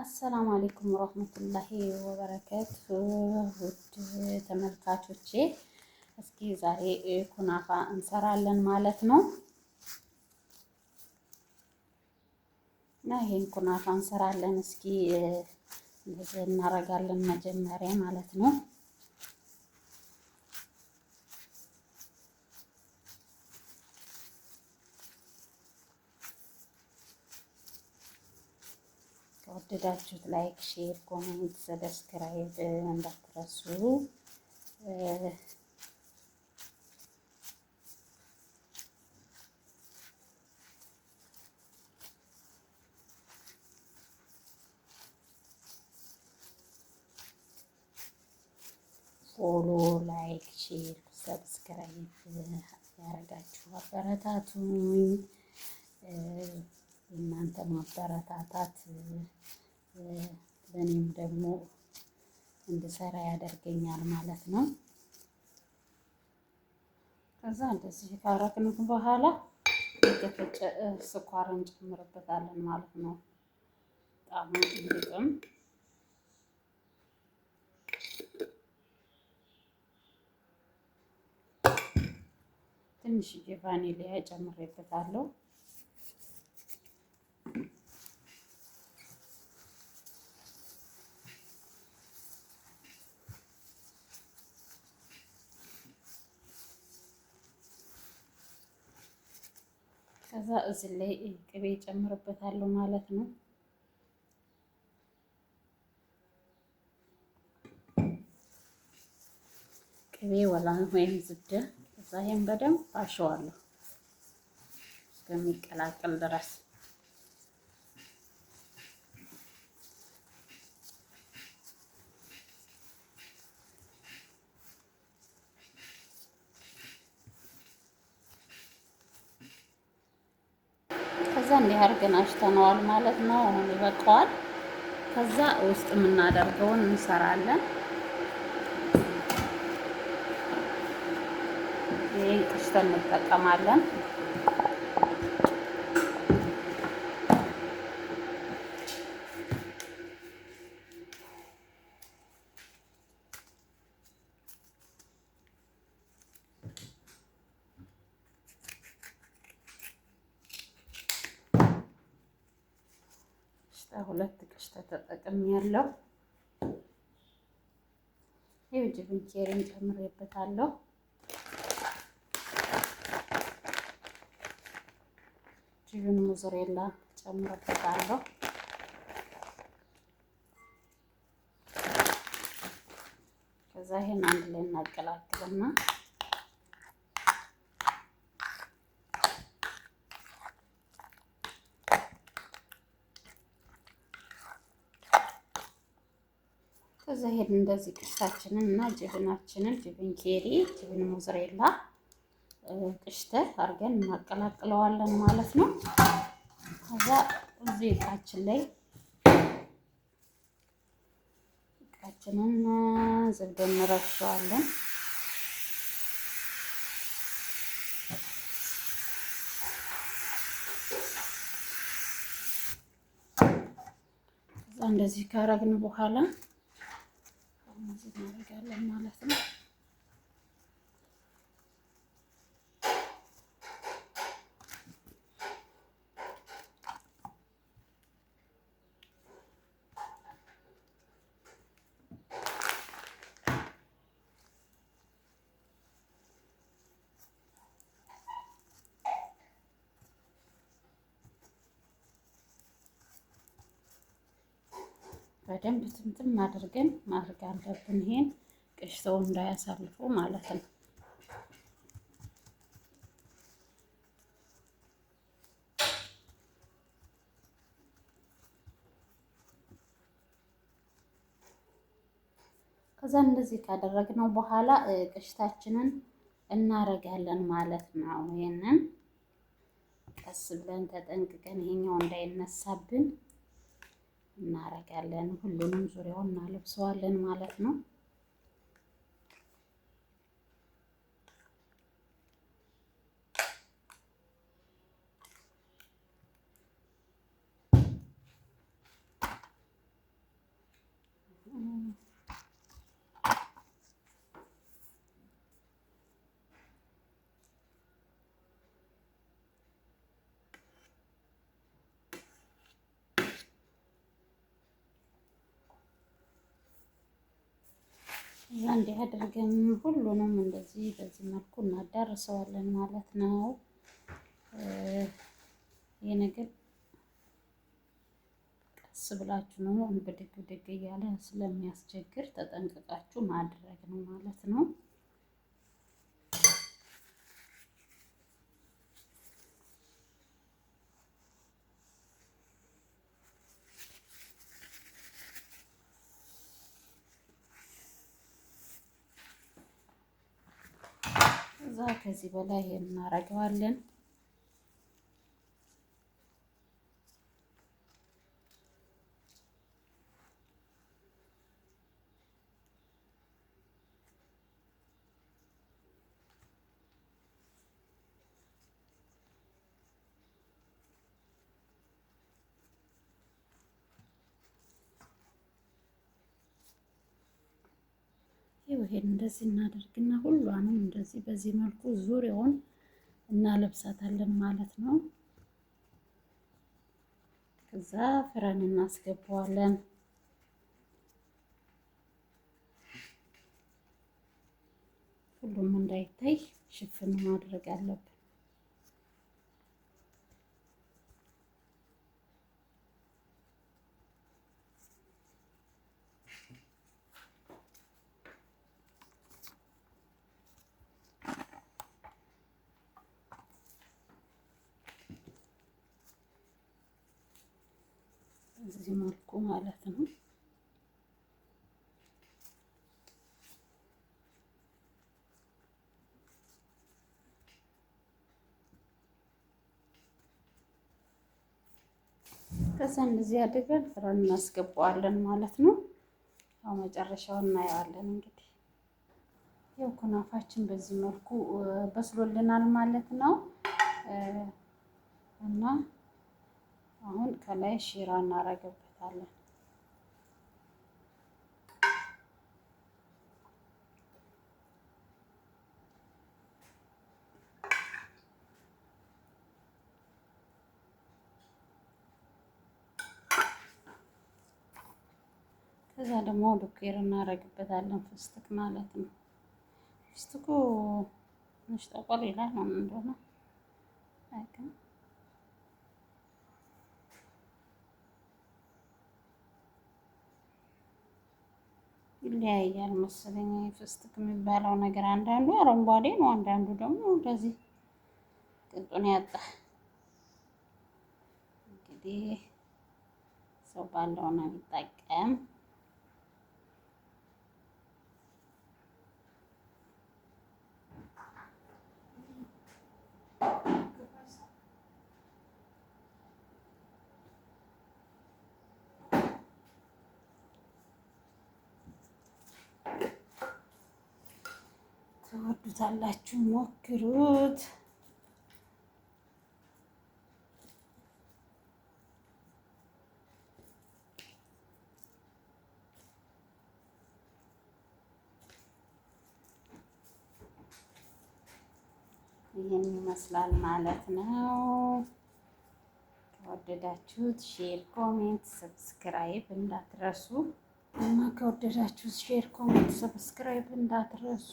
አሰላሙ አሌይኩም ወረህመቱላሂ ወበረከት ውድ ተመልካቾቼ፣ እስኪ ዛሬ ኩናፋ እንሰራለን ማለት ነው። እና ይህን ኩናፋ እንሰራለን። እስኪ እንደዚህ እናደርጋለን መጀመሪያ ማለት ነው። ከወደዳችሁት ላይክ፣ ሼር፣ ኮሜንት፣ ሰብስክራይብ እንዳትረሱ። ፎሎ፣ ላይክ፣ ሼር፣ ሰብስክራይብ ያደረጋችሁ አበረታቱኝ። እናንተ ማበረታታት ለእኔም ደግሞ እንድሰራ ያደርገኛል ማለት ነው። ከዛ እንደዚህ ካረግንት በኋላ የተፈጨ ስኳር እንጨምርበታለን ማለት ነው። ጣሙ እንዲጥም ትንሽዬ ቫኒሊያ ጨምሬበታለሁ። ከዛ እዚ ላይ ቅቤ ጨምርበታለሁ ማለት ነው። ቅቤ ወላን ወይም ዝደ እዛ ይሄን በደንብ አሸዋለሁ እስከሚቀላቅል ድረስ ከዛ እንዲህ አድርገን አሽተነዋል ማለት ነው። አሁን ይበቃዋል። ከዛ ውስጥ የምናደርገውን እንሰራለን። ይህ ቅሽተን እንጠቀማለን። ሁለት ቅሽተ ተጠቅም ያለው ይኸው ጅብንኬርን ጨምሬበታለሁ። ጅብን ሙዝሬላ ጨምሬበታለሁ። ከዛ ይሄን አንድ ላይ እናቀላቅልና ከዛ ሄድ እንደዚህ ቅሽታችንን እና ጅብናችንን ጅብን ኬሪ ጅብን ሞዝሬላ ቅሽተ አድርገን እናቀላቅለዋለን ማለት ነው። ከዛ እዚህ እቃችን ላይ እቃችንን ዝብደን እንረሸዋለን። እንደዚህ ካረግን በኋላ ትራንዚት እናደርጋለን ማለት ነው። በደንብ ትምትም አድርገን ማድረግ አለብን። ይሄን ቅሽተው እንዳያሳልፈው ማለት ነው። ከዛ እንደዚህ ካደረግነው በኋላ ቅሽታችንን እናረጋለን ማለት ነው። ይሄንን ቀስ ብለን ተጠንቅቀን ይሄኛው እንዳይነሳብን እናረጋለን። ሁሉንም ዙሪያውን እናለብሰዋለን ማለት ነው። እንዲህ አድርገን ሁሉንም እንደዚህ በዚህ መልኩ እናዳርሰዋለን ማለት ነው። ይህ ነገር ቀስ ብላችሁ ነው እንብድግ ብድግ እያለ ስለሚያስቸግር ተጠንቅቃችሁ ማድረግ ነው ማለት ነው። ከዛ ከዚህ በላይ ይሄን እናደርገዋለን። ይሄን እንደዚህ እናደርግና ሁሏንም እንደዚህ በዚህ መልኩ ዙሪያውን እናለብሳታለን ማለት ነው። ከዛ ፍረን እናስገባዋለን። ሁሉም እንዳይታይ ሽፍን ማድረግ አለብን። በዚህ መልኩ ማለት ነው። ከዛ እንደዚህ አድርገን ፍረን እናስገባዋለን ማለት ነው። ያው መጨረሻው እናየዋለን እንግዲህ ያው ኩናፋችን በዚህ መልኩ በስሎልናል ማለት ነው እና አሁን ከላይ ሺራ እናረግበታለን። ከዛ ደግሞ ዱቄር እናረግበታለን። ፍስትክ ማለት ነው። ፍስትኩ ትንሽ ጠቆር ይላል። ምን እንደሆነ ይለያያል መሰለኝ ፍስጥቅ የሚባለው ነገር አንዳንዱ አረንጓዴ ነው፣ አንዳንዱ ደግሞ እንደዚህ ቅጡን ያጣ። እንግዲህ ሰው ባለው ነው የሚጠቀም። ትወዱታላችሁ፣ ሞክሩት። ይህን ይመስላል ማለት ነው። ከወደዳችሁት ሼር፣ ኮሜንት፣ ሰብስክራይብ እንዳትረሱ እና ከወደዳችሁት ሼር፣ ኮሜንት፣ ሰብስክራይብ እንዳትረሱ።